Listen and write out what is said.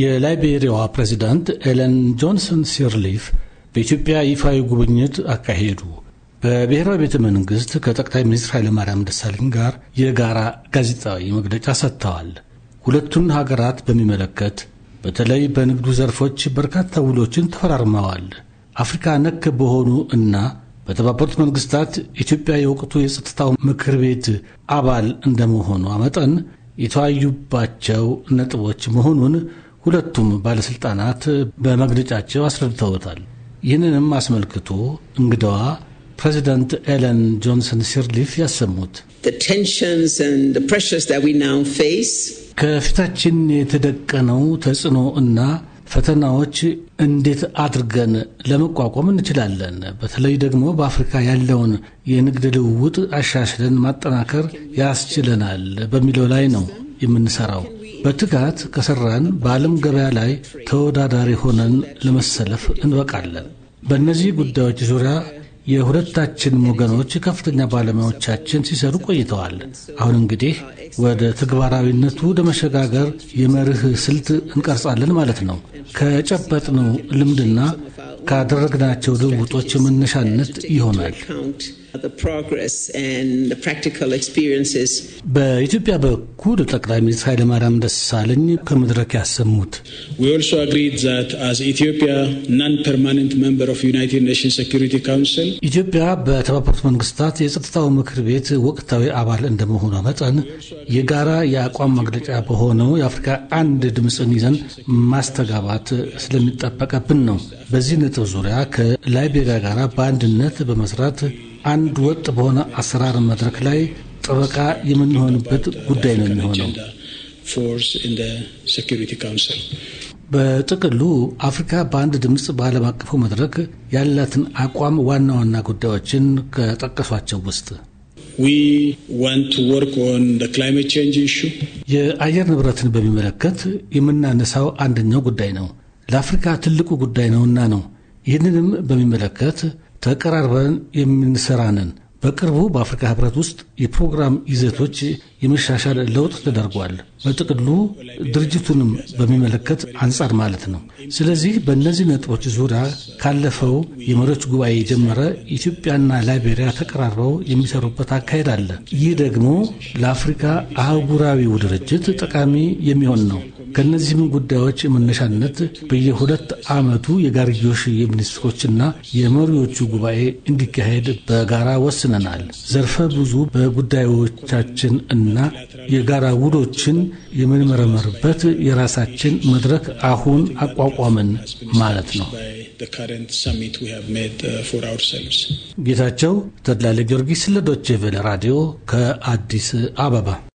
የላይቤሪያዋ ፕሬዚዳንት ኤለን ጆንሰን ሲርሊፍ በኢትዮጵያ ይፋዊ ጉብኝት አካሄዱ። በብሔራዊ ቤተ መንግሥት ከጠቅላይ ሚኒስትር ኃይለማርያም ደሳለኝ ጋር የጋራ ጋዜጣዊ መግለጫ ሰጥተዋል። ሁለቱን ሀገራት በሚመለከት በተለይ በንግዱ ዘርፎች በርካታ ውሎችን ተፈራርመዋል። አፍሪካ ነክ በሆኑ እና በተባበሩት መንግስታት ኢትዮጵያ የወቅቱ የጸጥታው ምክር ቤት አባል እንደመሆኗ መጠን የተወያዩባቸው ነጥቦች መሆኑን ሁለቱም ባለስልጣናት በመግለጫቸው አስረድተውታል። ይህንንም አስመልክቶ እንግዳዋ ፕሬዚደንት ኤለን ጆንሰን ሲርሊፍ ያሰሙት ከፊታችን የተደቀነው ተጽዕኖ እና ፈተናዎች እንዴት አድርገን ለመቋቋም እንችላለን? በተለይ ደግሞ በአፍሪካ ያለውን የንግድ ልውውጥ አሻሽለን ማጠናከር ያስችለናል በሚለው ላይ ነው። የምንሰራው። በትጋት ከሰራን በዓለም ገበያ ላይ ተወዳዳሪ ሆነን ለመሰለፍ እንበቃለን። በእነዚህ ጉዳዮች ዙሪያ የሁለታችንም ወገኖች ከፍተኛ ባለሙያዎቻችን ሲሰሩ ቆይተዋል። አሁን እንግዲህ ወደ ተግባራዊነቱ ለመሸጋገር የመርህ ስልት እንቀርጻለን ማለት ነው። ከጨበጥነው ልምድና ካደረግናቸው ልውውጦች መነሻነት ይሆናል። በኢትዮጵያ በኩል ጠቅላይ ሚኒስትር ኃይለማርያም ደሳለኝ ከመድረክ ያሰሙት ኢትዮጵያ በተባበሩት መንግስታት የጸጥታው ምክር ቤት ወቅታዊ አባል እንደመሆኗ መጠን የጋራ የአቋም መግለጫ በሆነው የአፍሪካ አንድ ድምፅን ይዘን ማስተጋባት ስለሚጠበቀብን ነው። በዚህ ነጥብ ዙሪያ ከላይቤሪያ ጋር በአንድነት በመስራት አንድ ወጥ በሆነ አሰራር መድረክ ላይ ጠበቃ የምንሆንበት ጉዳይ ነው የሚሆነው። በጥቅሉ አፍሪካ በአንድ ድምፅ በዓለም አቀፉ መድረክ ያላትን አቋም ዋና ዋና ጉዳዮችን ከጠቀሷቸው ውስጥ የአየር ንብረትን በሚመለከት የምናነሳው አንደኛው ጉዳይ ነው። ለአፍሪካ ትልቁ ጉዳይ ነውና ነው። ይህንንም በሚመለከት ተቀራርበን የምንሰራንን በቅርቡ በአፍሪካ ህብረት ውስጥ የፕሮግራም ይዘቶች የመሻሻል ለውጥ ተደርጓል። በጥቅሉ ድርጅቱንም በሚመለከት አንጻር ማለት ነው። ስለዚህ በእነዚህ ነጥቦች ዙሪያ ካለፈው የመሪዎች ጉባኤ የጀመረ ኢትዮጵያና ላይቤሪያ ተቀራርበው የሚሰሩበት አካሄድ አለ። ይህ ደግሞ ለአፍሪካ አህጉራዊው ድርጅት ጠቃሚ የሚሆን ነው። ከእነዚህም ጉዳዮች መነሻነት በየሁለት ዓመቱ የጋርዮሽ የሚኒስትሮችና የመሪዎቹ ጉባኤ እንዲካሄድ በጋራ ወስነናል። ዘርፈ ብዙ በጉዳዮቻችን እና የጋራ ውሎችን የምንመረመርበት የራሳችን መድረክ አሁን አቋቋምን ማለት ነው። ጌታቸው ተድላለ ጊዮርጊስ ለዶቼ ቬለ ራዲዮ ከአዲስ አበባ